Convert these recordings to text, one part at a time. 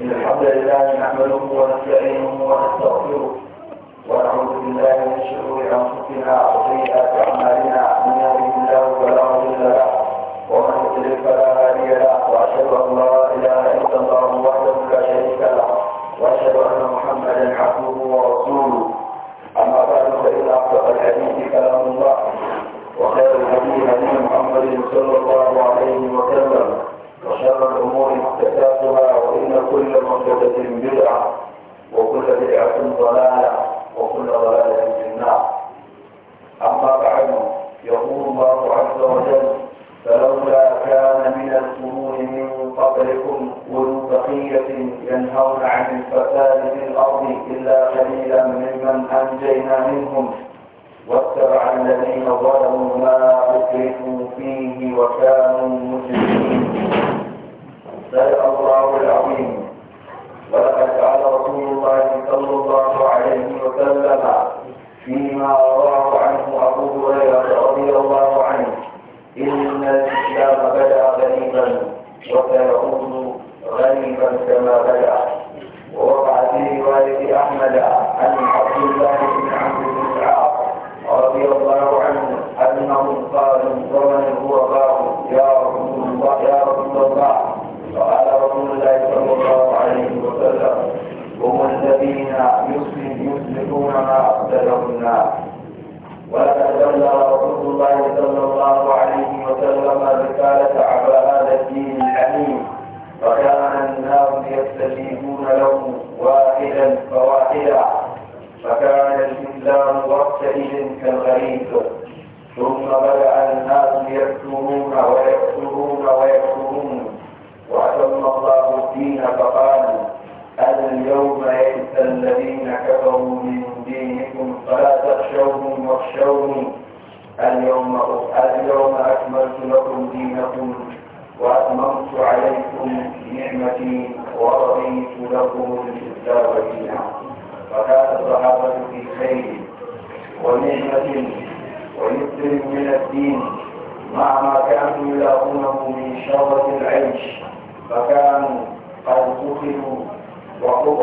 إن الحمد لله نعمله ونستعينه ونستغفره ونعوذ بالله من شرور أنفسنا وسيئات أعمالنا من يهده الله فلا مضل له ومن يضلل فلا هادي له وأشهد أن لا إله إلا الله وحده لا شريك له وأشهد أن محمدا عبده ورسوله أما بعد فإن أصدق الحديث كلام الله وخير الحديث هدي محمد صلى الله عليه وسلم وشر الأمور محدثاتها وإن كل محدثة بدعة وكل بدعة ضلالة وكل ضلالة في النار أما بعد يقول الله عز وجل فلولا كان من القرون من قبلكم أولو بقية ينهون عن الفساد في الأرض إلا قليلا ممن أنجينا منهم واتبع الذين ظلموا ما أكرهوا فيه وكانوا مجرمين صدق الله العظيم ولقد قال رسول الله صلى الله عليه وسلم فيما رواه عنه ابو هريره رضي الله عنه ان الاسلام بدا غريبا وسيعود غريبا كما بدا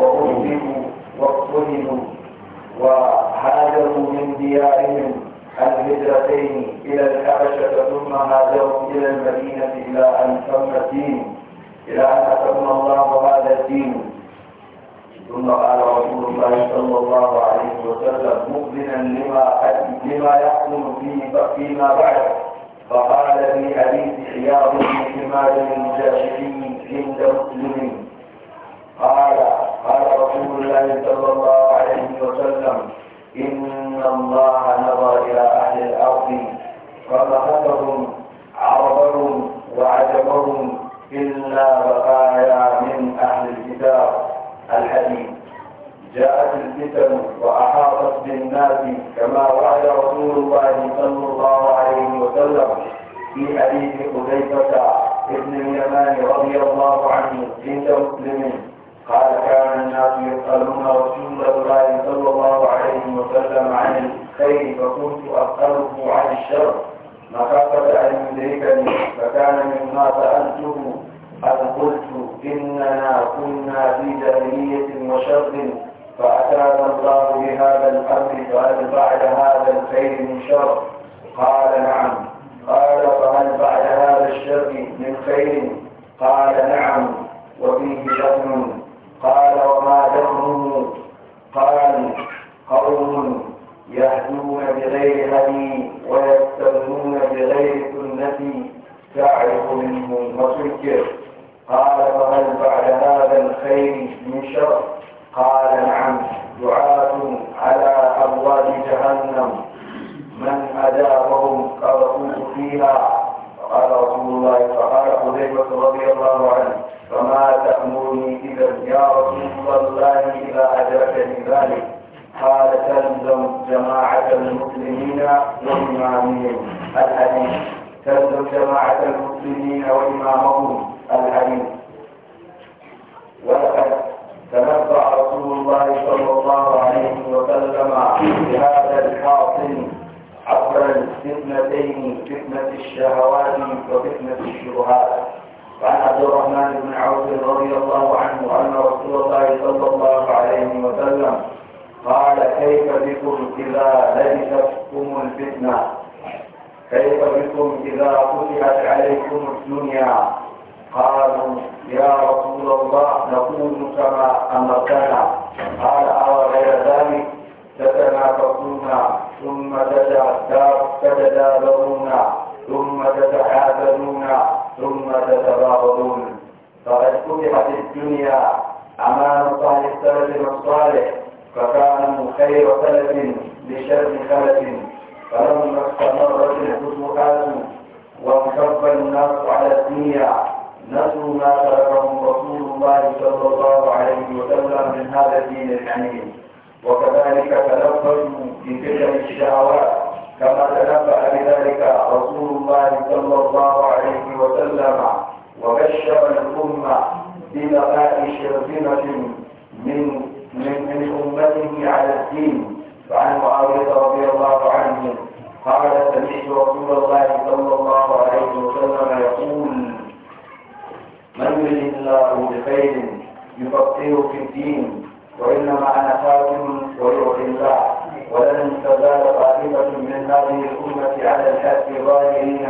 وأهزموا واقتلوا وهاجروا من ديارهم الهجرتين إلى الحبشة ثم هاجروا إلى المدينة إلى أن تم الدين إلى أن أتم الله هذا الدين ثم قال رسول الله صلى الله عليه وسلم مؤمنا لما لما يحكم فيه فيما بعد فقال في حديث حياض بن حماد المجاشعي عند مسلم قال قال رسول الله صلى الله عليه وسلم إن الله نظر إلى أهل الأرض فمهتهم عرضهم وعجبهم إلا بقايا من أهل الكتاب الحديث جاءت الفتن وأحاطت بالناس كما وعد رسول الله صلى الله عليه وسلم في حديث حذيفة ابن اليمان رضي الله عنه عند مسلم قال كان الناس يسألون رسول الله صلى الله عليه وسلم عن الخير فكنت أسأله عن الشر مخافة أن يدركني فكان مما سألته أن قلت إننا كنا في جاهلية وشر فأتانا الله بهذا الأمر فهل بعد هذا الخير من شر قال نعم قال فهل بعد هذا الشر من خير قال نعم وفيه شر قال وما لهم قال قوم يهدون بغير هدي ويستغنون بغير سنتي تعرف منهم وتنكر قال فهل بعد هذا الخير من شر قال نعم دعاة على أبواب جهنم من أجابهم قرأوه فيها قال رسول الله فقال حذيفة رضي الله عنه فما تأمرني إذا يا رسول الله إذا اجرك ذلك قال تلزم جماعة المسلمين وإمامهم الحديث تلزم جماعة المسلمين وإمامهم الحديث ولقد تنبأ رسول الله صلى الله عليه وسلم بهذا الحاصل عبر الفتنتين فتنة الشهوات وفتنة الشبهات وعن عبد الرحمن بن عوف رضي الله عنه أن رسول الله صلى الله عليه وسلم قال كيف بكم إذا لبستكم الفتنة كيف بكم إذا فتحت عليكم الدنيا قالوا يا رسول الله نقول كما أمرتنا قال أو غير ذلك تتنافسون ثم تتدابرون ثم تتحاسدون ثم تتباغضون فقد فتحت الدنيا امام صالح سلف الصالح فكانوا خير سلف لشر خلف فلما استمرت الفتوحات وانحب الناس على الدنيا نسوا ما تركهم رسول الله صلى الله عليه وسلم من هذا الدين الحميد وكذلك تنبهوا بفتن الشهوات كما تنبأ بذلك رسول الله صلى الله عليه وسلم وبشر الأمة ببقاء شرذمة من من من أمته على الدين فعن معاوية رضي الله عنه قال سمعت رسول الله صلى الله عليه وسلم يقول من يريد الله بخير يفكر في الدين وإنما أنا خاتم وروح الله ولن تزال طائفة من هذه الأمة على الحق ظاهرين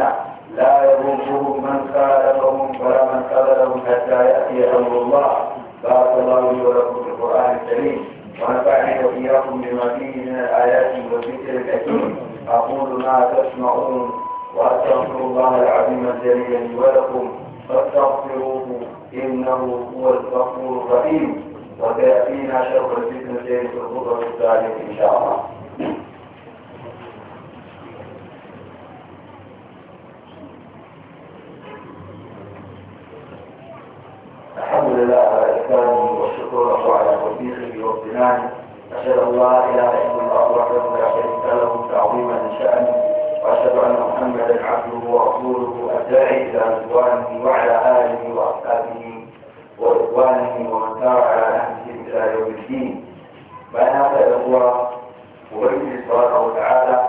لا يضرهم من خالفهم ولا من خذلهم حتى يأتي أمر الله بارك الله لي ولكم في القرآن الكريم ونفعني وإياكم بما فيه من الآيات والذكر الحكيم أقول ما تسمعون وأستغفر الله العظيم الجليل لي ولكم فاستغفروه إنه هو الغفور الرحيم وتأتينا شر الفتنة الخطوة الثالثة إن شاء الله الحمد لله على إحسانه والشكر على توفيقه وامتنانه أشهد أن لا إله إلا الله وحده لا شريك له تعظيما لشأنه وأشهد أن محمدا عبده ورسوله الداعي إلى رضوانه وعلى آله وأصحابه وإخوانه ومن سار على نهجه إلى يوم الدين فأنا أسأل الله وأريد الصلاة تعالى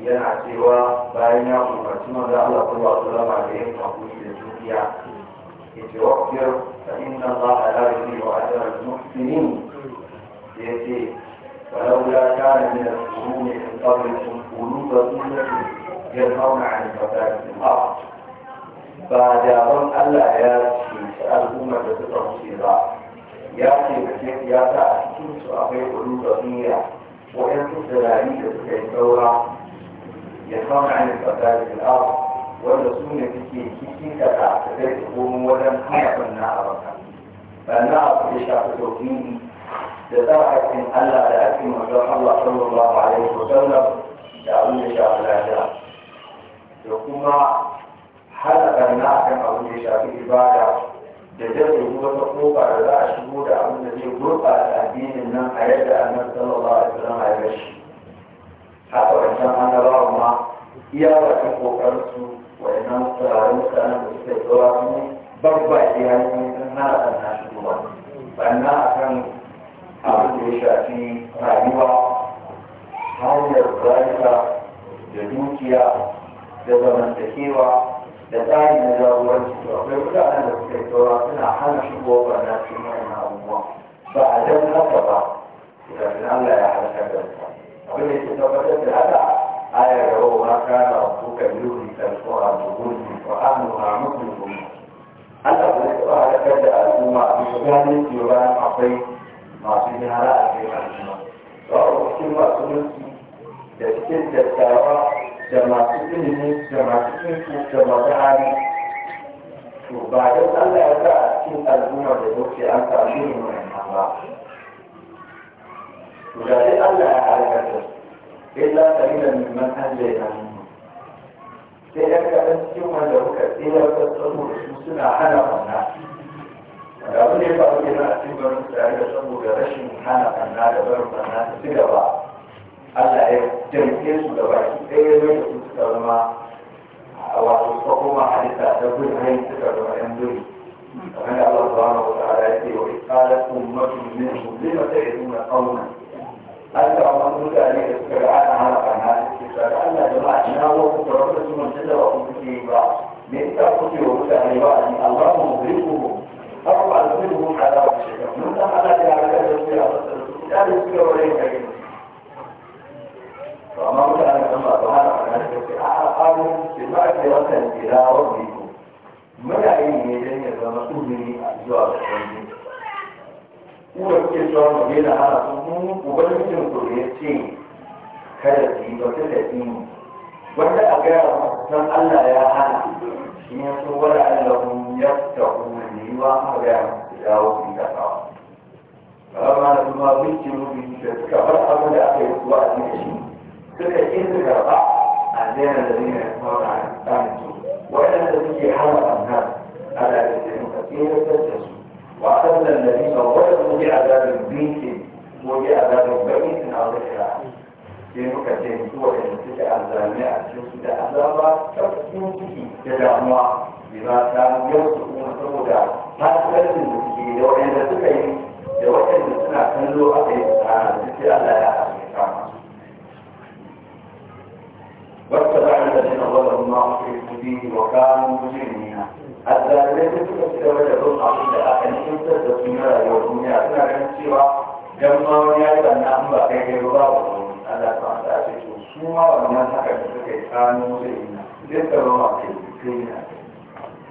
ينعى سوى بارنا ومرسونا لا الله صلى الله عليه وسلم وقوش للسوكية يتوفر فإن الله لا يضيع أجر المحسنين يأتي فلولا كان من القرون من قبلكم قلوب الأمة ينهون عن الفساد في الأرض بعد أن ألا يأتي سأله ما في مصيرا يأتي بشيك يأتي أشكي سؤالي قلو ضمية وإن تسلالي تسلالي الدورة يخام عن الفتاة في الأرض والرسول يتكي كيكي كتا أعتقد قوم ولم حيث النار فالنار في شعب توقيني لذلك إن ألا يأتي ما جرح الله صلى الله عليه وسلم يأتي شعب الأجراء يقول hana barna a kan abin da ya shafi ibada da jirgin wata kofa da za a shigo da abin da zai gurɓata addinin nan a yadda annabi sallallahu alaihi wasallam ya gashi haka wancan annabawa ma iya bakin kokarin su wa'annan tsararrun mutanen da suka yi tsawa sun babba ke hanyoyin sun hana ɗan na shigo ba. barna a kan abin da ya shafi rayuwa hanyar rayuwa da dukiya da zamantakewa da tsari na jagoranci to akwai mutanen da suka yi saura suna hana shigo ba na cikin wannan abubuwa ba a dan haka ba kafin Allah ya halaka da su abin da ke tabbatar da haka ayar da wa ma kana buka yuhi kalqura buhuni wa amruha mutlukum Allah ba zai taba halakar da al'umma a cikin gani ba akwai إلا قليلا ممن أنجينا sai ya ga cikin wanda muka tsira ta saboda su suna hana wannan wanda abu ne ba wuce na cikin barin tare da saboda rashin hana kanna da barin kanna ta ci gaba Allah ya jirge su da baki ɗaya ne da su suka zama a wato suka koma halitta ta gudu hain suka zama yan gudu kamar da Allah subhanahu wa ta'ala ya ce wa iqalat ummatun minhum lima ta'iduna qauman an taɓa wasu mutane da suka ga ana halaka na suke da Allah jama'a ina zo ku da su mutum da ba ku yi ba me yasa kuke wa mutane ba a ni Allah mu mubriku haka ba su ne mun kada ba shi mun san Allah ya halaka da su ya fasa da Ya da su ga wurin kai to amma mutane da ba ba haka da suke a a qalu bi ma ka wata ila rabbikum muna yin ne dan ya zama ummi a zuwa ga ubangiji kuwa suke cewa mu ne da hana su mu ubangijin ku da ya ce kada su yi ba su da dini wanda a gaya wa san Allah ya hana shi ne so wala allahum yaftahu li wa ma ga su dawo su da kawo amma da kuma bincin rubin da suka bar abin da aka yi kuwa a cikin shi suka yi su karɓa a zaina da zina ya kuma ta hannun su waɗanda suke hana ɓangar ala da zai muka tsere da su وأخذنا النبي صلى الله عليه وسلم بعذاب بيت وبعذاب بيت من أرض الحرام لأنه كان هو كان تلك أعزامنا أجلس إلى أعزامها تكون تكي تدعموا بما كان يوصفون سودا ما تكلم تكي لو أن تكي لو أن تكي كنلو أبي سبحانه تكي ألا يعلم واتبع الذين ظلموا في سبيل وكانوا مجرمين A azzalai sun suka ci gaba da bin abin da aka nishintar da su na rayuwar duniya suna ganin cewa dan ma wani ya yi wannan an ba kai kai ba ba Allah ta ta ce to su ma wannan haka kai suka yi tsano zai yi zai tsaro ma kai kai na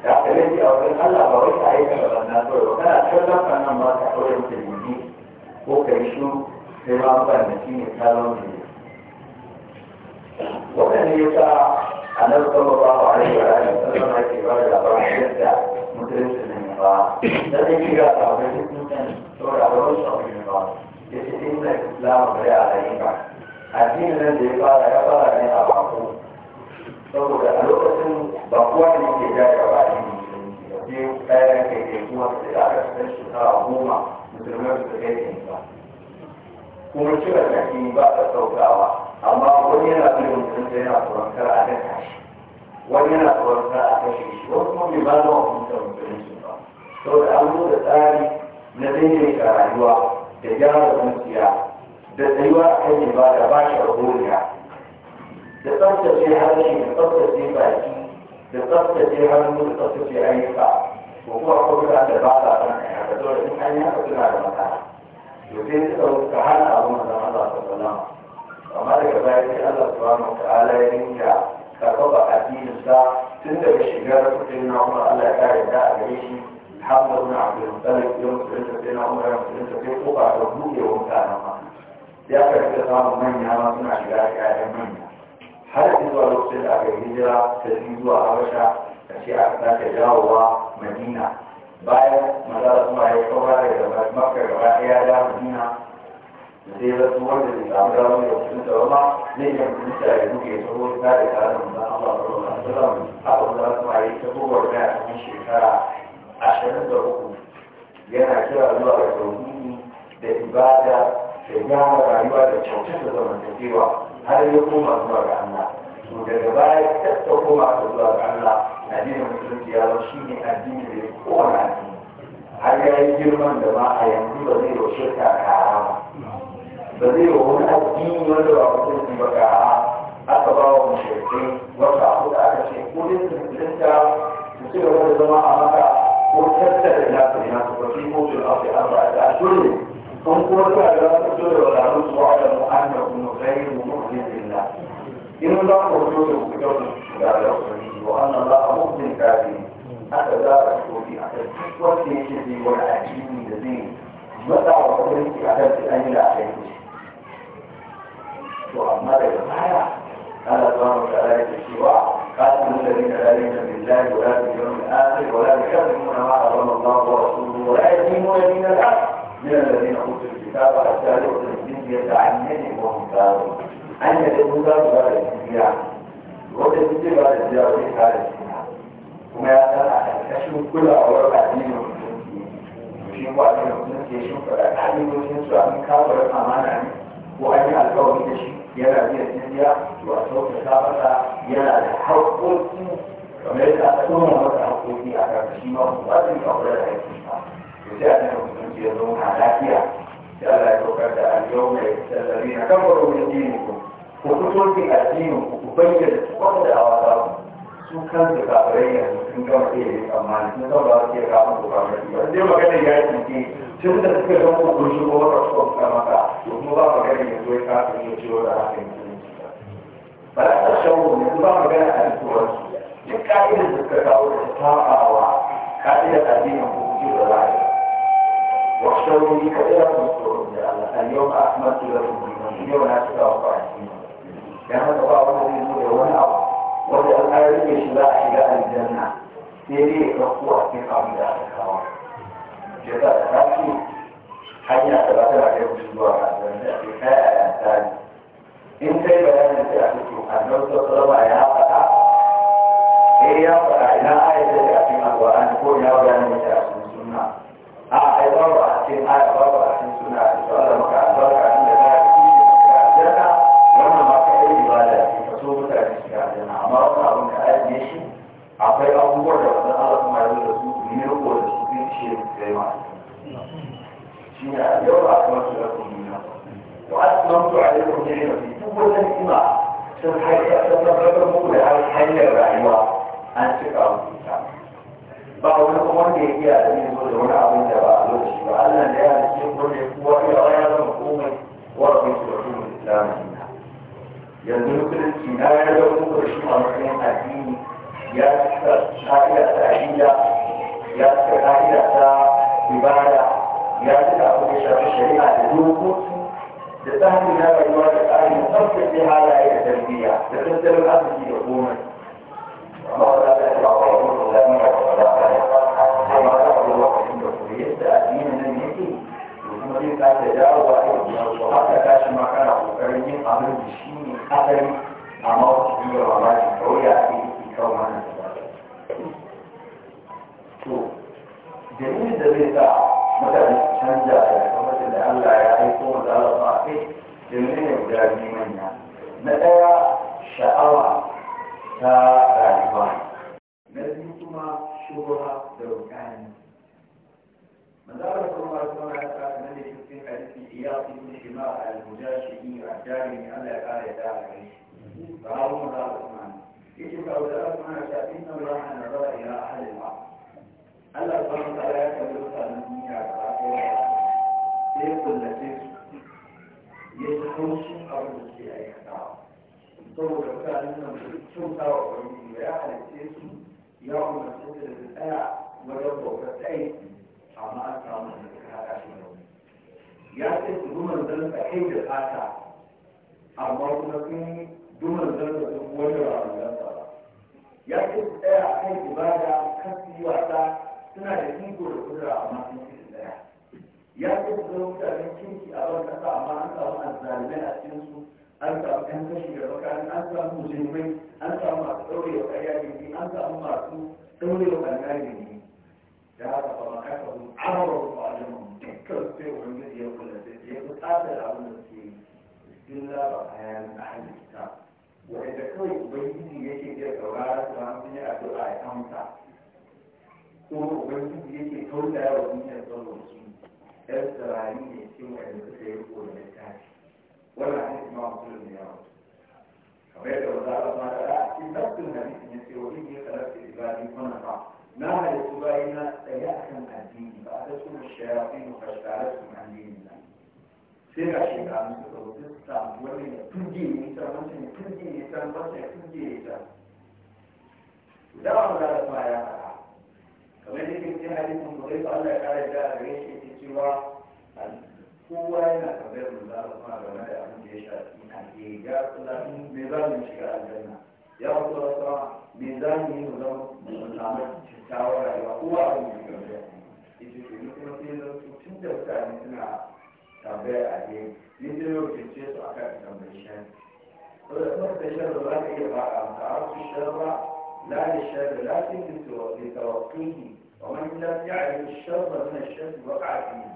da aka laifi a wajen Allah ba wai a yi ka wannan kawai ba kana kallon wannan ba ka kawai ka yi ko kai yi shiru sai ma ba na shi ne tsaro ne wannan ne ya sa annabi sallallahu alaihi wa alihi sallam yake ba da labarin yadda musulunci ne ba da zai yi ga sabon cikin sani saboda abin su abu ne ba ya ce inna islamu bai alayi ba addinin nan da ya fara ya fara ne a bako saboda a lokacin ba kowa ne ke jaya ba addinin musulunci ba sai kayan kai kai kuma su da aka san shekara goma musulmai su kai ba kuma kiran da ba ta saukawa amma wani yana bin mutum da yana tsoron kar a daka shi wani yana tsoron kar a kashe shi wasu kuma bai ba zama wa mutum musulunci ba saboda an zo da tsari na zai daidaita rayuwa da gyara zuciya da tsayuwa a kan da ba shi rahoriya da tsaftace harshe da tsaftace baki da tsaftace hannu da tsaftace ayyuka ko kuma kwamfuta da ba sa san a da dole in an yi haka suna da matsala to sai ka hana abin da Allah ta sallama amma daga baya sai Allah subhanahu wataala ya rinka karɓa addinin sa tun daga shigar kudin na Umar Allah ya kare da a gare shi Hamza ibn Abdul Muttalib ya musulunta sai na Umar ya musulunta sai ko ba da buɗe wa mutanen ma ya karɓi da samun manya ma suna shiga ƴaƴan manya har zuwa lokacin da aka yi hijira ta zuwa Habasha a ce aka sake dawowa Madina bayan maza da kuma ya kawo daga Makka gaba ɗaya da Madina sai da su wanda ke kamar wani da kusur da wama ne ya kusa ya duke su da kare tare da mutum Allah ta wani asilam haka wanda su ma yi ta kowar a cikin shekara ashirin da uku yana kira zuwa ga tauhidi da ibada da gyara rayuwa da kyautar da zamantakewa har ya koma zuwa ga Allah to daga baya ta koma zuwa ga Allah addinin musulunci ya zama shi ne addini da ya kowane addini har ya yi girman da ma a yanzu ba zai yaushe ta kara ba da zai yi wani addini wanda ba musulunci ba ga aka ba wa mushrikai wata abu da aka ce ko dai su musulunta su ci gaba da zama a maka ko tattara ina su ina su kwafi ko su afi an ba a dole kun kuma suna da wasu dole wa da musu wa da mu'anna kuma zai mu mu'minin na in za ku fito da ku kyau da su da da ku wa anna la mu'min kafi haka za a fito bi a kan duk wanda yake zai wani addini da zai matsa wa kwafi a kan su an yi da a kai وأما الرواية قال الله تعالى في السواء قاتلوا الذين لا يؤمنون بالله ولا باليوم الآخر ولا يكذبون ما حرم الله ورسوله ولا يدينون دين الحق من الذين أوتوا الكتاب حتى يؤتوا الجزية عن يد وهم كافرون أن يدعوا الله إلى الجزية وقد تجب على الجزية وإيه على الجزية وما يتنع الكشف كل أوراق الدين shi ko a cikin mutum ke shi faɗa ta yi wajen su a kan kawo da amana ne ko an yi yana biyan jizya to a kyautata masa yana da haƙoƙi kamar yadda aka tsoma masa haƙoƙi a kan shi ma ba zai ka kula da haƙƙi ba to sai a tana mutunci ya zauna lafiya sai Allah ya saukar da al-yau mai sallari na kamfaro min dinikum ku Ku fito a addinin ku ku bayyana da a wasa su kan su kafirai yanzu sun gama iya yin tsammani sun san ba su iya kafin ku kafin ba sai magana ya yi tun da suka ga mu kun shigo wa rasuwan kamata to kuma ba ka gani yanzu ya kafa ne ciwo da hakan ba za ka shawo ne ba ka gani a cikin duk ka'idar da suka kawo da tafawa ka'idar addinin hukunci da ra'ayi wa shawo ne ka iya kuma tsoron da Allah al-yawma akmaltu lakum dinakum yau na cika wa baki dan haka ba wanda zai zo da wani abu wanda an ayyuke shi za a shiga aljanna sai dai ya ɗauko a cikin abin da aka kawo shi ta hanya ta ba tana kai mutum zuwa ga aljanna ce kai a ya faɗa eh ya faɗa ina ayata da cikin alqur'ani ko ina bayanin da cikin sunna a ai babu a cikin ayata babu a cikin sunna to Allah maka albarka شين لكم دينكم وأتممت عليكم نعمتي قوة الإيمان سنحيث أتمنى مولى على الحياة الرحيمة أن تقرأوا الكتاب بعض الأمور دي هي الذين يقولون أبن دبا الدين يا سائلة ya duka abin da shafi shari'a da dokoki da tsarin na rayuwa da tsarin tsaftace halaye da tarbiyya da tattalin arziki da komai amma wanda ta ce ba wani musulmi ba ba ba sai ma za ku lokacin da ku yadda addinin nan yake to kuma zai kasa dawowa a yau ba ka tashi ma kana kokarin yin abin da shi ne asali amma wasu biyar mamaki kawai a ake yi kan wannan to dalilin da zai sa mutane canja da kamar da Allah ya aiko mu da Allah a kai domin ne guda biyu manya na ɗaya sha'awa ta rayuwa na biyu kuma shubha da rukani مدار كما كما كان الذي في حديث إياس بن حمار المجاشعي الدارمي ألا قال داعي فهو مدار عثمان يجب أن عثمان إن الله نظر إلى أهل الأرض الله سبحانه وتعالى يكبر الدنيا sai ya kullace su ya ji haushin abin da suke aikata, saboda mutanen nan su kyauta wa ubangiji ya halice su ya umarce su da tsaya wajen bautar tsaye amma an samu da suka haɗa shi da ya ce su duman zan kai da fata amma kuma sun duman zan da sun wani ra'ayin ba ya ce su tsaya a kan ibada kan su yi wasa suna da iko da kudura amma sun fi ya ce su zama mutanen kinki a ban kasa amma an samu azzalimai a cikin su an samu ɗan kashi da bakarin an samu musulmai an samu masu ɗaurewa ƙarya gindi an samu masu ɗaurewa ƙarya gindi da haka ba makasa sun amara wasu alamun dukkan sai wani ya kula da ya fi tsatsar abin da suke yi illa ba a yanar da hannun kita wanda kawai ubangiji yake iya saurara su an sun yi addu'a ya amsa kuma ubangiji yake tausaya wa duniyar saboda su ɗan tsirari ne cikin wanda suka yi riko da littafi wannan hadisi ma musulun ne yawa kamar yadda wanda Allah ma da a cikin nafsin hadisi ne ce wani ne kalar da ibadi wannan ba na halittu bayi na tsaye a kan addini ba a ta suna shayafi mu fashtara su addini na sai ga shekaru suka rubuta su samu wani ya turge ne ta wancan ya turge ne ta wancan ya turge ne ta da ba mu da ya fara kamar da cikin hadisin ba zai Allah ya kare da a gare shi ke cewa kowa yana kamar mu za mu kuma game da abin da ya shafi na ke ga kula me za mu shiga aljanna ya wato rasuwa me za mu yi mu zama mu samu cikawa rayuwa kowa abin da ya kamar ya ce to ni kuma sai zan tun da mutane suna tambayar a ne ni sai yau ke ce su a kan tambayar shan. Saboda kuma ta shan da za ka iya ba, a su shan ba لا للشر لا تملك لتوقيه ومن لم يعرف الشر من الشر وقع فيه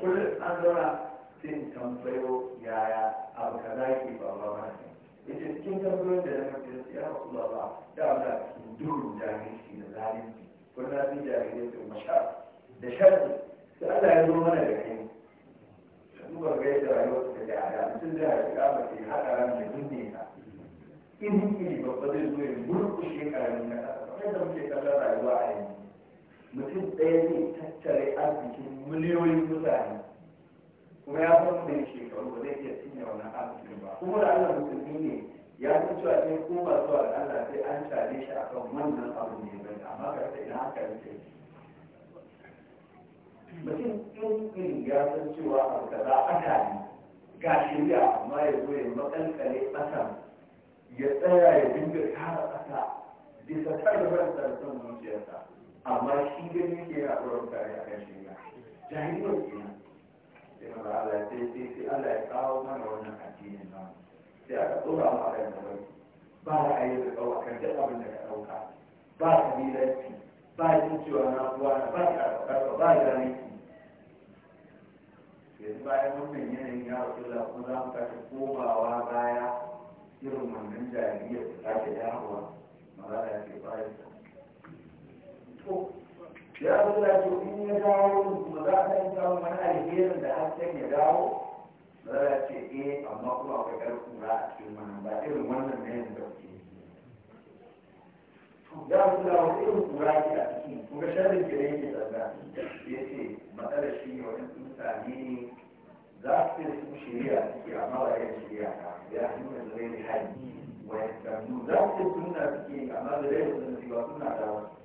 kullum an zauna sin tambayo yaya abu ka za ba ba ba ita cikin tambayoyin da na mutum ya rasu ba ba da abu da ya duhun da zalunci ko ya fi jahilci da mashar da sharri sai Allah ya zo mana da kai duba ga yadda rayuwar ta da ada mutum zai haifi da mace haɗa ran da dunne in babba zai zo ya na ƙasa yadda muke kallon rayuwa a yanzu mutum ɗaya ne tattare arzikin miliyoyin mutane kuma ya san da shekaru ba zai iya cinye wannan arzikin ba kuma da Allah ne ya san cewa sai ko ba zuwa da Allah sai an share shi akan wannan abu ne amma ga ina haka yake mutum in ya san cewa abu kaza aka ne ga shirya amma ya zo ya makalkale ƙasan ya tsaya ya dinga kara ƙasa bisa tarbar da son zuciyarsa amma shi gani yake ya ɗora mutane a kan shirya jahiliyar nan sai ba Allah sai sai sai Allah ya kawo mana wannan addinin namu sai aka ɗora mu a kan ba ra'ayi da a kan duk abin da ka ɗauka ba bi kabilanci ba jin cewa na kuwa na ba ya karfa ba ya ne yanzu bayan wannan yanayin ya wasu la kuma za mu sake komawa baya irin wannan jariyar da sake dawowa magana ya ce bayan sa ya zo da to in ya dawo kuma za a yi samun wani alherin da hasken ya dawo za a ce eh amma kuma akwai karfin ra a cikin wannan ba irin wannan na yanzu ba za su da wani irin kura ke a ciki kuma sharrin ke da yake tsada ya ce matsalar shi ne wani mutane ne za su ce su shirya suke amma ba yin shirya ba ya nuna da zai hali wani tsamnu za su ce suna suke amma da zai suna su ba suna da wasu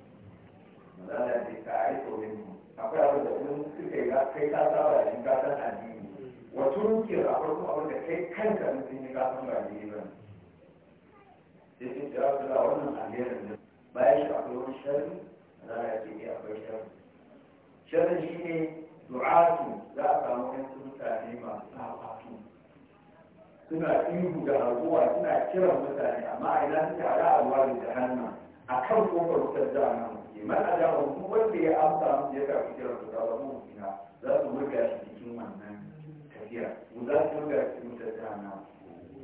mazala ce ka a yi tsoron mu akwai abin da kuma suka yi kai ka saba da shi ka san addini wato rukiyar akwai kuma abin da kai kanka mutum ya ka san ba ne ba ne ce ta wasu da wannan alherin bayan shi akwai wani sharri za a ce ya eh, akwai sharri sharri shi ne du'atu za a samu yansu mutane masu sabatu suna ihu da harguwa suna kiran mutane amma a ina suke ala a ruwa da hannu a kan kofar wutar jana musulmi man a jama mutum wanda ya amsa musu ya karfi kiran su ta zama musulmina za su murga shi cikin wannan tafiya mu za su murga shi cikin wutar jana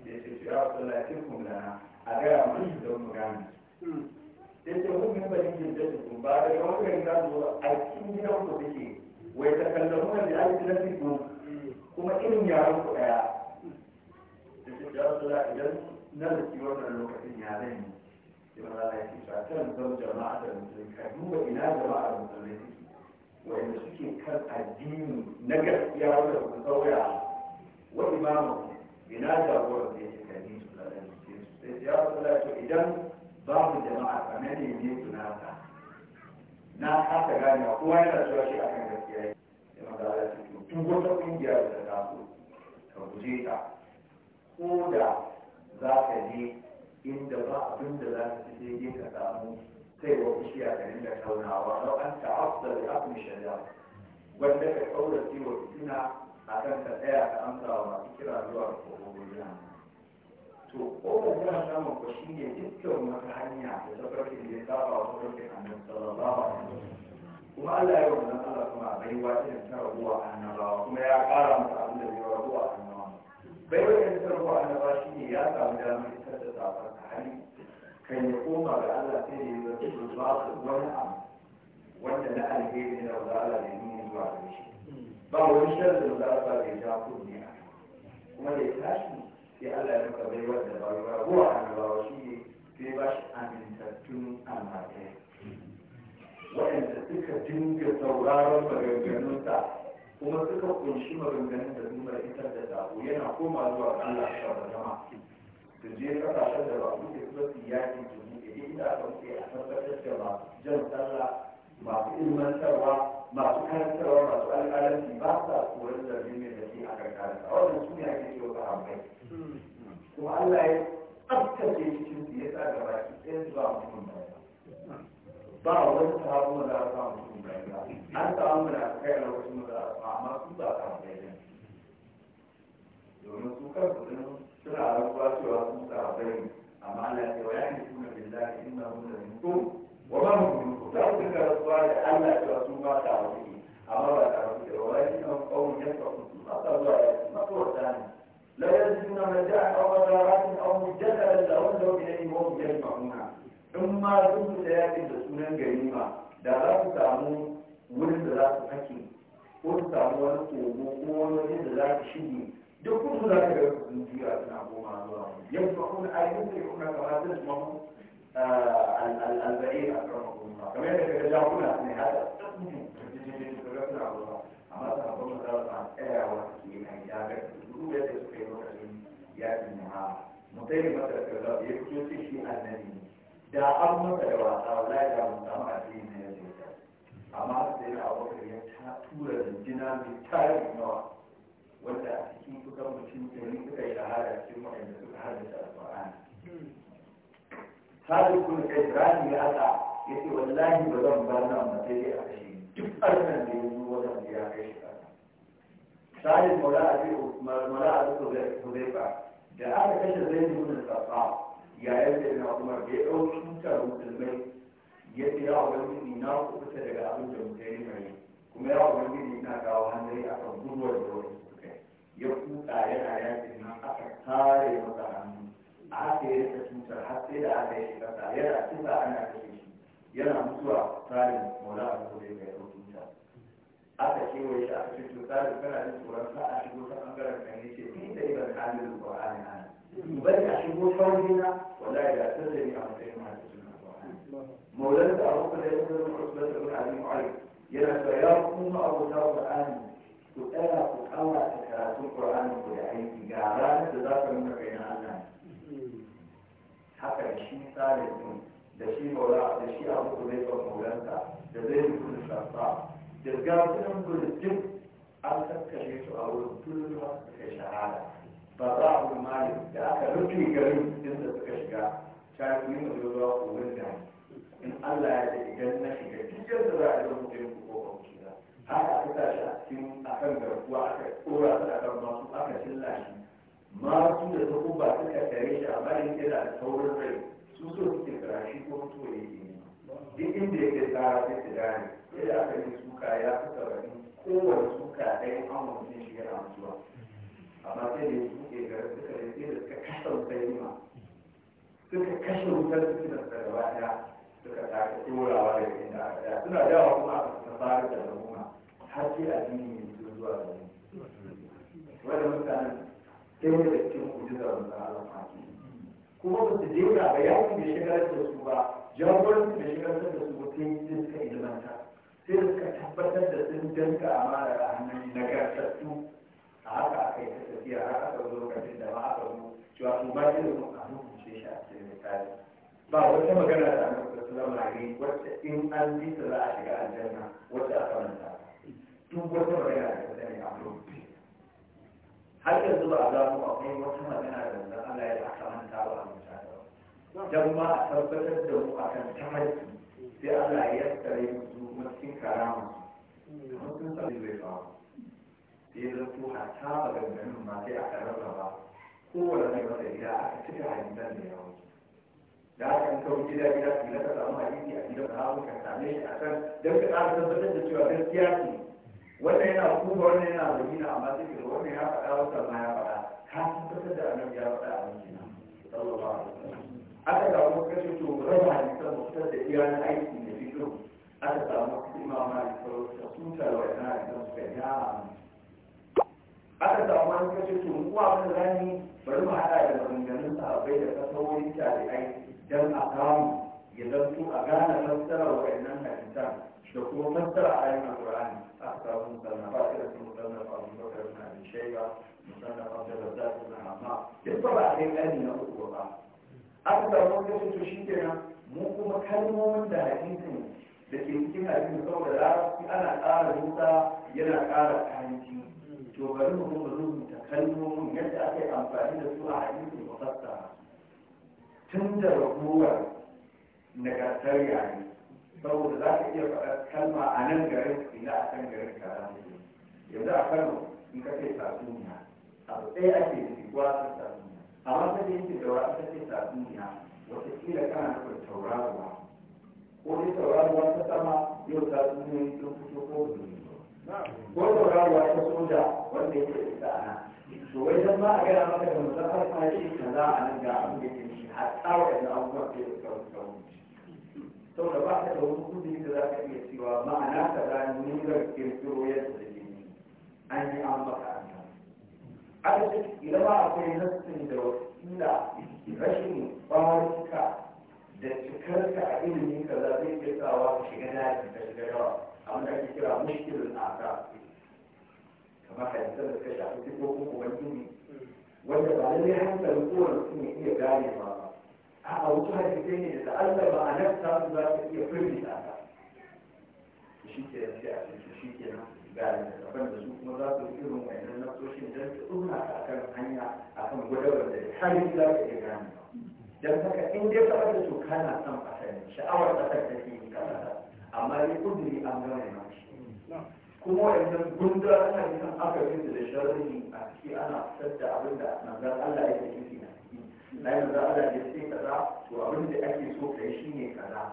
ya ce shi ya wasu lafiyar kuma lana a gaya mun shi don mu gane hmm. sai ce mun min bari jin da su ba da ga wani ran da zuwa a cikin gidan ku take wai ta kallamu da alƙi na fito kuma irin yaron ku daya da shi da su da idan na da ki wannan lokacin ya zan yi sai ma za ki ta kan zan jama'a da musulmi ka duba ina jama'a da musulmi wanda suke kan addini na gaskiya wanda ku sauya wa imamu ina jagoran da yake kan su da su sai ya rasu da idan babu jama'a kamar ne ne su ta na gani gane kowa yana cewa shi akan gaskiya yi da magana su tun wata kungiya da ta taso ka guje ta ko da za ka je inda ba abin da za ka ci sai dai ka samu sai wa a ka dinga taunawa lau an ta'afda da abin shari'a wanda ka kaurace wa fitina kan ka tsaya ka amsa wa masu kira zuwa ga kogon to ƙofar jiran samun ku shi ne dukkan wata hanya da zafarki da ya saba wa zafarki annabi sallallahu alaihi wasallam kuma Allah ya wannan Allah kuma a baiwa irin ta rabuwa annabawa kuma ya ƙara masa abin da ya rabuwa annabawa baiwa irin ta rabuwa annabawa shi ne ya samu damar isar da safar ta hali kan ya koma ga Allah sai da ya zarta ba su wani abu wanda na alheri ne da wanda Allah ya nuna zuwa gare shi ba wani shirin da wanda Allah ya ja kunne a kuma da ya tashi sai Allah ya maka bai wanda ba ruwa a annabawa shi ne sai ba shi amintattun almajirai waɗanda suka dinga sauraron maganganunsa kuma suka kunshi maganganun da sun bar isar da sabo yana koma zuwa Allah shi wa zama su je kasashen da ba su ke ba su yaki su buɗe inda aka buɗe a tabbatar da masu jan sallah masu ilmantarwa masu karantarwa masu alƙalanci ba sa koyar da ne da aka kasa wannan su ne ake cewa sahabbai to Allah ya tsaftace cikin su ya sa da baki ɗayan zuwa mutum baya ba wani sahabu da za a samu mutum baya an samu da aka kai lokacin da za amma su ba ne domin su kansu din suna rubuwa cewa su sahabbai ne amma Allah ya ce wa ne suna billahi inna hum la minkum wa ma hum minkum za ku dinga rubuwa da Allah cewa su ba sahabbai amma ba sahabbai ne wa لا يجدون مجاعا او مزارات او da da sunan ganima da za su samu wurin da za su hake ko su samu wani ko wani da za su suna kuma a kan hukumma amma sabon mu za su tsayawa su ke mai jagar duk da su kai lokacin yakin ha mutane masa da kaza ya fito shi shi annabi da an masa da wasa wallahi da mu samu addini na yau da amma sai da abokan ya ta tura jina mai da nawa wanda a cikin kusan mutum ɗari suka yi shahada cikin waɗanda suka haddace alƙur'ani Sadiq kun kai Ibrahim ya haka yace wallahi ba zan bar nan ba sai a kashe duk arkan da ya zo wajen da ya kai shi ƙasa sa'adin mala a zai huzaifa da aka kashe zai nuna safa yayin da yana kuma da ya ɗau cutar musulmai ya ce ya ubangiji na kuɓuta daga abin da mutane mai kuma ya ubangiji na kawo hanzari a kan gurwar da wani suka ya kuka yana yaƙi na aka tare masa hannu a haka ya rika cutar har sai da aka yi shi kasa yana kisa ana kashe shi yana mutuwa tsarin mola a zai kai aka kewaye shi aka ce to tsarin kana jin tsoron sa a shigo ta bangaren kan ne ce ni da ibn halil qur'ani na bari a shigo ta wajena wallahi da sun da ni a matsayin mahaifi maulan da abu da ya zama usman da ibn abi mu'ayyid yana cewa ya kuma abu da qur'ani ku tsaya ku kawa ta karatun qur'ani ku da aiki ga ranar da za ka nuna kai na Allah haka shi tsarin da shi maula da shi abu da ya zama maulansa da zai mutu da shafa da gafunan bulletin an kakkashe su a wurin kullum su kai shahada ba za a wuri malin da aka rufe garin din da suka shiga ta yi mu zo zuwa ku wanda in Allah ya da idan na shiga cikin da za a yi mutum ku ko ba ku haka aka sa shi a cikin kan garkuwa aka tsora su akan masu aka cilla shi masu da ta kuma suka tare shi a in yana da saurin rai su so suke kira shi ko mutuwa yake ne duk inda yake tsara sai su gane sai da aka yi suka ya fi sabani kowane suka ɗaya an wani shi yana mutuwa amma sai da su ke gari suka da sai da suka kashe wutar yima suka kashe wutar su da suka gaba ɗaya suka tafi turawa da da aka ɗaya suna dawa kuma aka suna fara da al'umma har sai addini ne su zuwa da wani wanda mutanen sai da cikin kujizar da Allah ma kuma ba su jera ba yawon da shigar da su ba su da shigar da su ba sai sun suka zamanta sai suka tabbatar da sun danka amana a hannun gartattu a haka aka yi ta tafiya har aka zo lokacin da a aka mu cewa su ba shi da kuma a hukunce shi a cikin misali ba wata magana da annabi sallallahu alaihi wacce in an bi ta za a shiga aljanna wacce a faranta duk wata magana da ta sani a rubuce har yanzu ba a gano akwai wata magana da wanda Allah ya aka manta ba a manta ba dan ma a tabbatar da mu akan tamarki sai Allah ya tsare su kuma cikin karama kamar sun sami zai faru sai ya zanto hata maganganun ma sai aka rarraba kowane mai masa gida aka cika hadisan da yawa da aka yi kawai gida gida su ka samu hadisi a gidan da ka same shi a kan don ka ƙara tabbatar da cewa gaskiya ce wannan yana kuma wannan yana na amma sai da wannan ya faɗa wata ma ya faɗa ka tabbatar da annabi ya faɗa a madina sallallahu alaihi wasallam aka samu kashe to raba hadisan mu fitar da iya na aiki da fito aka samu da malik sallallahu alaihi wasallam ta wannan hadisan a gyara aka samu wani kashe to mu kuwa wani rani bari mu haɗa da maganganun bai da kyale tabi'ai dan a samu ya zanto a gane fassara waɗannan hadisan da kuma fassara ayoyin alqur'ani a samu musallafa irin su musallafa abu bakar ibn abi shayba da abdul su ibn amma duk ba a kai ƙani na uku ba aka samu wani to shi kenan mu kuma kalmomin da hadisin da ke cikin hadisin saboda larabci ana ƙara rusa yana ƙara ƙaranci to bari mu kuma rubuta kalmomin yadda aka yi amfani da su a hadisin mufassara tun da ragowar. nagartar yare saboda za ka iya faɗa kalma a nan garin ila a kan garin kaza yanzu a kano in ka ce tatsuniya abu ɗaya ake nufi gwasan tatsuniya amma ta ce yake da wata ta ce tatsuniya watakila kana nufin tauraruwa ko dai tauraruwa ta sama yau tatsuniyoyi sun fito ko ko tauraruwa ta soja wanda yake da ita a nan to wai dan ma a gaya maka da musamman ta ce kaza a nan ga abin da ke shi hatta waɗanda abubuwan da ya kawo kawo saboda ba ka da wani kudi da za ka iya cewa ma'ana ta da ni kirkiro yadda da jini an yi an maka an ta alaƙi idan ba a na nassin da wasila rashin ƙwarika da cikarka a ilimin ka za zai iya sawa ka shiga daji ka shiga yawa abin da ake kira mushkilin aka kamar hadisan da suka shafi wani ubangiji wanda ba lallai hankalin kowane mutum ne iya gane ba a wasu hadisai ne da Allah ba a nan samu za ka iya firme ta ka shi ke da sai a cikin shi ke nan ga littattafan da su kuma za su yi irin wayannan nasoshin don su tsuna ka akan hanya a kan gudanar da har za ka iya gane don haka in dai ka da su kana son fasari sha'awar ƙasar ta ke yi kasa amma dai kudiri an gane ma shi kuma wayannan gunda ana yin aka yi da sharri a ciki ana fitar da abin da manzon Allah ya ke nufi na na yanzu Allah da sai kaza to abin da ake so kai ne kaza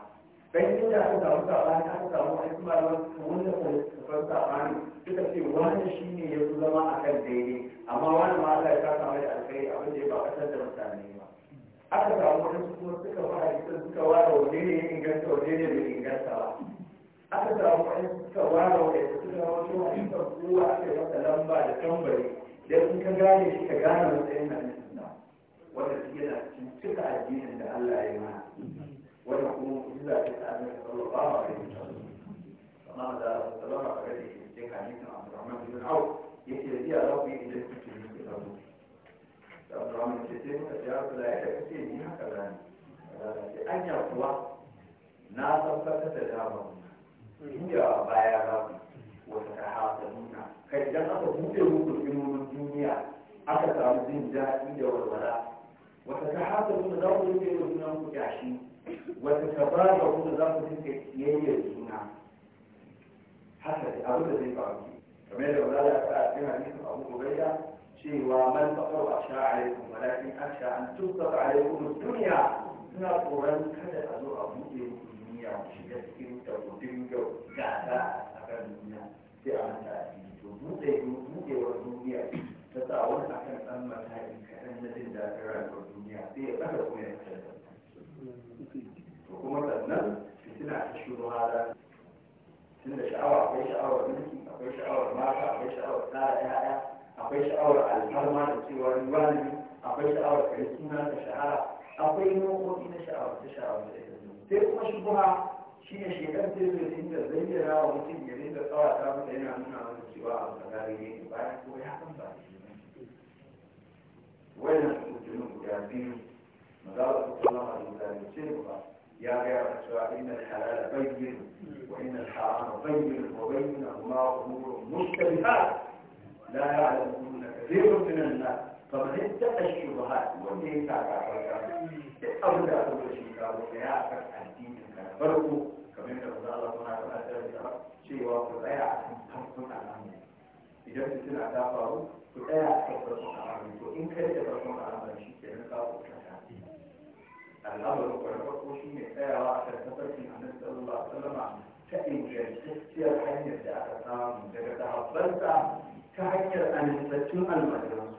dan inda aka samu sabani aka samu wasu malaman wanda ko sabon sabani suka ce wani shine ya fi zama kan daidai amma wani ma Allah ya samu mai alkhairi abin da ya ba kasar da mutane ba aka samu wani kuma suka fara kisan suka ware wanne ne ya inganta wanne ne bai inganta ba aka samu wani suka ware wanne suka wani suka yi masa lamba da tambari dan in ka gane shi ka gane matsayin nan wanda suke na cika addinin da Allah ya mana wanda kuma mu'jiza ta ta annabi sallallahu alaihi wasallam amma da sallama kare da shi cikin hadisin Abdurrahman bin Auf yake da za iya rabbi idan kuke yi da rabu da Abdurrahman ce sai muka ya kula ya kace ni haka rani sai anya kuwa na san tabbatar da dama ya baya rabu wata ta hasa nuna kai idan aka buɗe muku imomin duniya aka samu jin daɗi da walwala wata ta haka kuma za ku rufe wa juna ku wata ta ba ka kuma za ku rufe kiyayyar juna haka da abin da zai faru kamar da wala da aka yi na nisan abu gobaya cewa man wa sha a yau kuma lafiya a sha an tuka a yau kuma duniya suna tsoron kada a zo a buɗe wa duniya a shiga cikin da gudun gasa a kan duniya sai a manta a cikin to buɗe wa duniya ta tsawon a kan ɗan matakin kaɗan na jin daɗin rayuwar duniya sai ya ɗaga kuma ya kashe to kuma sannan fitina ta shuru hada tun da sha'awa akwai sha'awar mulki akwai sha'awar mata akwai sha'awar tsara ya'ya akwai sha'awar alfarma da cewa ni wani akwai sha'awar kai suna da shahara akwai nau'o'i na sha'awar ta sha'awar da ita sai kuma shubuha shi ne shekar zai zai inda zayyana wa mutum ya rinka tsawata masa yana nuna masa cewa a tsagari ne bayan ko ya san ba shi wannan mutumin guda biyu mazaba su kuma a zalunce mu ba ya gaya wa cewa inna halala bayyin wa inna harama bayyin wa bayyin amma umurun mustabihat la ya'lamuna kathirun min an-nas فمن اتقى الشبهات واللي يتابع الرجال أبدا أقول شيء قالوا يا أكثر الدين كان فرقه كما يقول الله سبحانه وتعالى شيء واقع لا يعلم خمسون عن عمي إذا كنت أتابعه ku ɗaya a kan a al'amari to in ka rike farkon al'amari shi ke nan kawo kanta al'amarin ku na farko shi ne tsayawa a kan tafarkin annabi sallallahu alaihi wasallam ta ingantacciyar hanyar da aka samu daga ta sahabbansa ta hanyar amintattun almajiran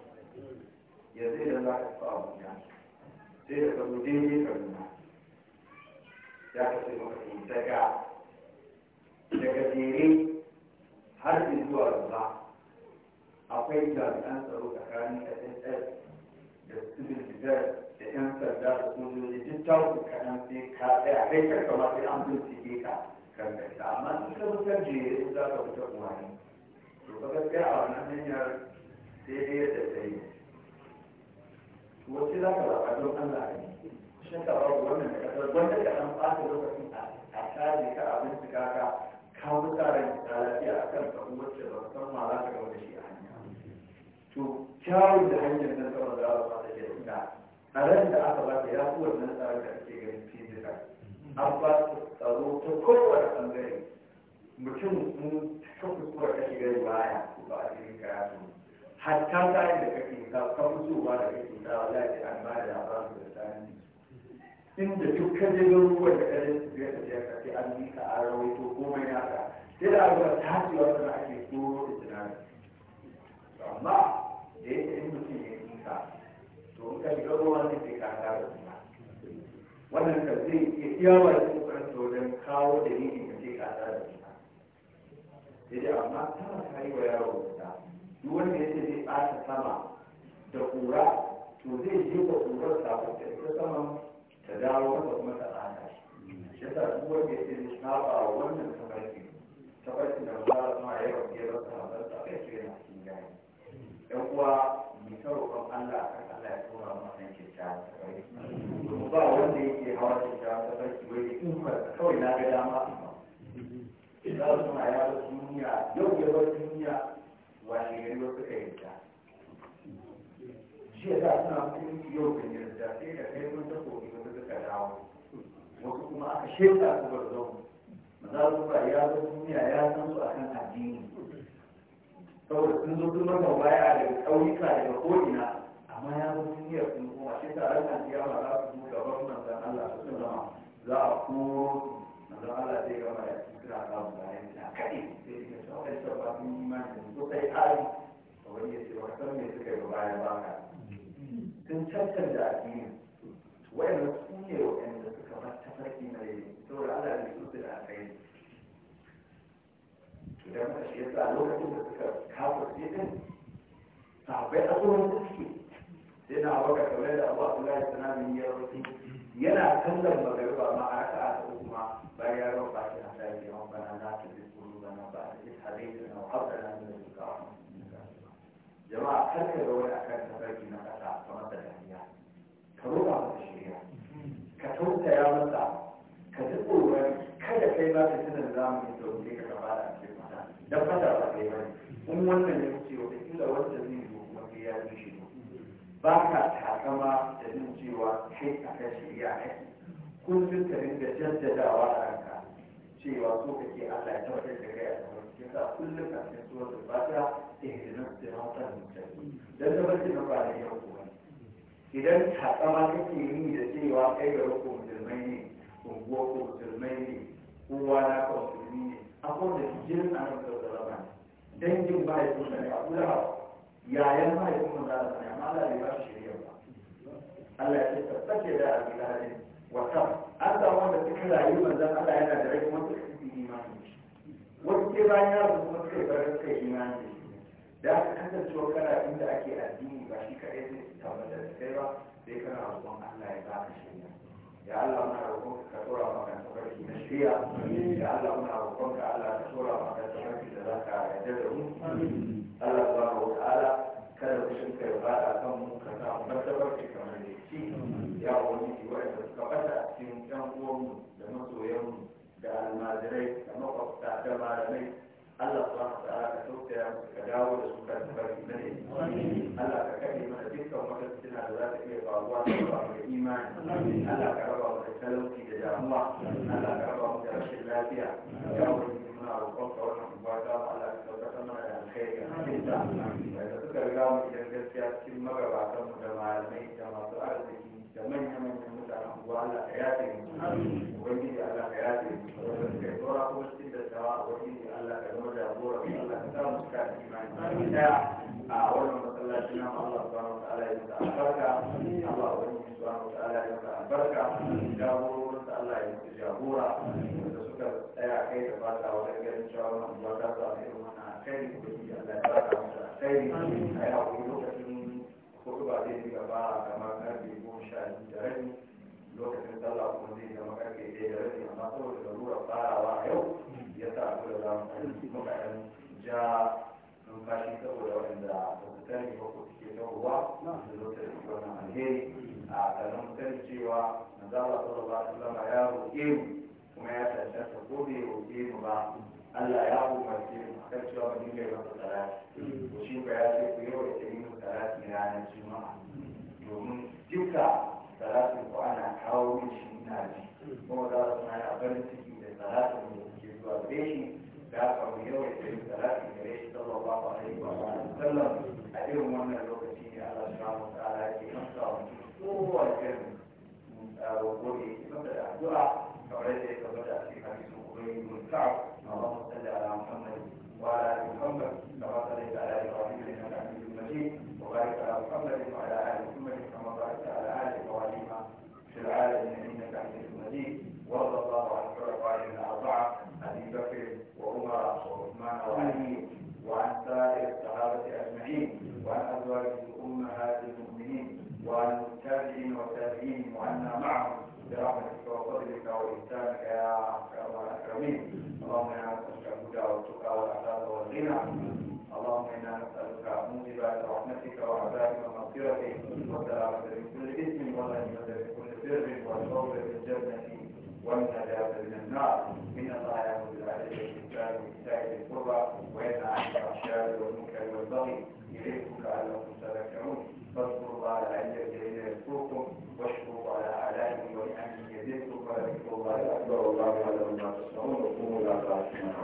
yanzu idan za ka fi abuja sai da ka zo daidai kaduna ya ka sai maka eh, daga daga jere har zuwa ruwa akwai jami'an tsaro tsakanin sss da civil defense da yan sanda da sojoji duk tawo kaɗan sai ka tsaya kai kar kama sai an bincike ka kan amma in ka fitar jere in za ka kuma ne to ka gaskiya a wannan hanyar sai dai yadda ta yi wacce za ka zaɓa don an allah ne shin ka babu wannan da kasar wanda ka ɗan ɓata lokacin a caje ka a su ka ka mutaren da lafiya a kan wacce ba san ma za ka gama da shi a hannu to kyawun da hanyar nan sama da Allah ta ke nuna tsaron da aka ba ta ya fi wannan tsaron da ake ganin fizika an ba su tsaro ta kowane ɓangare mutum mu ta kuskura kake gani baya ko ba a cikin karatu hatta tsarin da kake ka ka ba da kake ka wallahi an ba da labarin da tsarin inda duk ka je garuruwan da kare su biyar da biyar ka ce an yi ka an rawaito komai naka sai da abuwa ta hajjiwa sana ake tsoro da tunanin amma da yake in mutum ya nisa to in ka shiga ruwa ne sai ka da kuma wannan ka zai iya iyawa da kokarin wajen kawo da ni ka ce ka tara kuma sai dai amma sama ta yi wa yaro ta duk wanda ya ce zai ɓata sama da kura to zai je wa kurar sabon da ita saman ta dawo masa kuma ta ɓata shi yasa duk wanda ya ce zai saba wannan tafarki tafarki da ba a yi wa biyar sa ba ta kai ce yana cikin gani yan uwa mai ta roƙon Allah kan Allah ya tura mu san kyauta ta kai ba wanda yake hawa kyauta ta kai wai da in kawai na ga dama za su na ya bar duniya yau ya bar duniya washe gari wasu ka shi ya sa suna mutunci yau kan yarda sai da kai mun ta koki wasu suka dawo wasu kuma aka shirka su bar zaune maza su ba ya bar duniya ya san su akan addini saboda sun zo sun masa baya daga ƙauyuka daga ko'ina amma ya zo sun yi sun koma shi ta ranar kiyama za su zo gaban manzan Allah su sun zama za a koro manzan Allah zai gama da su suna samun bayan na kaɗe sai ka ce wani shabba sun yi imani da su sai hali a wani ya ce ba me suka yi ba bayan baka sun cancanta addini wa'anda su ne wa'anda suka bar tafarki na yi saboda Allah ya su da alkhairi idan ka shi yasa lokacin da suka kafa sai din a tsoron da sai na abaka kamar da abu abu lai sanamin ya rufe yana kallon magariba ma a raka'a ta uku ma ba ya ba baki a sai ya wani bana na ta bi kuru bana ba a cikin halaita na wahabda na nuna duka a jama'a kar ka ga wani tafarki na kasa kamar da dariya ka roƙa masa shirya ka tausaya masa ka ji tsoron kada kai ba ka tunan zamani da wuce ka gaba da ake dan fata ba kai ba in wannan ya wuce wata kila wanda zai zo kuma sai ya yi shi ba ka takama da jin cewa kai a kan shirya kake kullum ka rinka jaddadawa a ranka cewa so kake Allah ya tabbatar da kai a gaban cikin ka kullum ka cikin da ba ta ihdina sirata mustaqim da barkin ba da yau ko idan takama kake yi da cewa kai ga rukun musulmai ne unguwa ko musulmai ne kowa na ka musulmi ne akwai da jirin a nan da zama dangin ba ya kusa ne a da hau yayan ba ya kuma zara sani amma Allah bai ba shi shirya ba Allah ya ce tabbake da abin da hajji wata an samu wanda suka rayu manzan Allah yana da rai kuma suka imanin shi. wasu ke bayan ya rasu kuma kai yi barin suka yi shi da aka kasancewa kana inda ake addini ba shi kaɗai zai samu da kai ba sai kana roƙon Allah ya ba ka shirya ya Allah muna roƙonka ka tura maka tafarki na shirya ya Allah muna roƙonka Allah ka tura maka tafarki da za ka da mu Allah subhanahu wa ala kada ku shirka ya bada kan mu ka sa mu tafarki kamar da shi ya ubangiji wanda suka bata cikin yan uwanmu da masoyanmu da almajirai da makwabta da malamai Allah kuma ka tsara ka tausaya ka dawo da su kan tafarki na ne Allah ka kaɗe mana dukkan wata fitina da za ta iya faruwa da ba mu da imani Allah ka raba mu da talauci da damuwa Allah ka raba mu da rashin lafiya ya wani muna roƙon ka wannan unguwa ta mu Allah ka tabbata mana da alkhairi a cikin ta daga suka riga mu idan gaskiya cikin magabatan mu da malamai da masu arziki da manya mu mu wanda suka yi tsora kuma cikin zama samu suka ɗaya a wannan masallaci na Allah subhanahu wa ta'ala ya albarka Allah subhanahu wa ta'ala ya albarka Allah ya jagora suka tsaya kai da ba ta wajen ganin cewa wannan ba ta samu irin wannan kai ne kuma Allah ba ta mutu kai a yi hakuri lokacin kudu ba zai diga ba kamar karfe goma sha biyu da rabi lokacin sallah kuma zai zama karfe ɗaya da rabi amma saboda larurar farawa yau ya sa abu da zamu muka ɗan ja numfashi saboda waɗanda ba su sani ba ko suke tawowa da lokacin wannan alheri a kanan sani cewa manzala sallallahu alaihi wasallam ya roƙe mu kuma ya tattata ko bai roƙe mu ba Allah ya umarce mu kan cewa mu dinga yawan salati to shi ba ya ce ku yawan ta yin salati ranar juma'a domin duka salatin ku ana kawo min shi ina ji kuma za su na farin ciki da salatin da kuke zuwa gare shi da aka mu yawan ta yin salati gare shi sallallahu alaihi wa sallam a irin wannan lokaci ne Allah subhanahu wa ta'ala yake amsa wa mutum kowace mm, roƙo da yake masa da addu'a فوليس يتوجد في حديث أبي بن كعب اللهم صل على محمد وعلى آل محمد كما صليت على إبراهيم إنك حميد مجيد وبارك على محمد وعلى آل محمد كما باركت على آل إبراهيم في العالم إنك حميد مجيد ورضى الله عن الخلفاء الأربعة أبي بكر وعمر وعثمان وعلي وعن سائر الصحابة أجمعين وعن ازواج أمهات المؤمنين وعن التابعين والتابعين وعنا معهم برحمتك وفضلك وإحسانك يا أكرم الأكرمين اللهم إنا نسألك الهدى والتقى والعفاف والغنى اللهم إنا نسألك موجبات رحمتك وعذابك ومغفرتك والسلامة من كل إثم والغنيمة من كل بر والفوز بالجنة والنجاة من النار من الله يأخذ العدل والإحسان وإيتاء ذي وينهى عن الفحشاء والمنكر والبغي يعظكم لعلكم تذكرون فاذكروا الله لعل الذين يذكركم واشكروا على آلائكم ونعمه يزدكم ولذكر الله أكبر والله يعلم ما تصنعون وقوموا إلى صلاتكم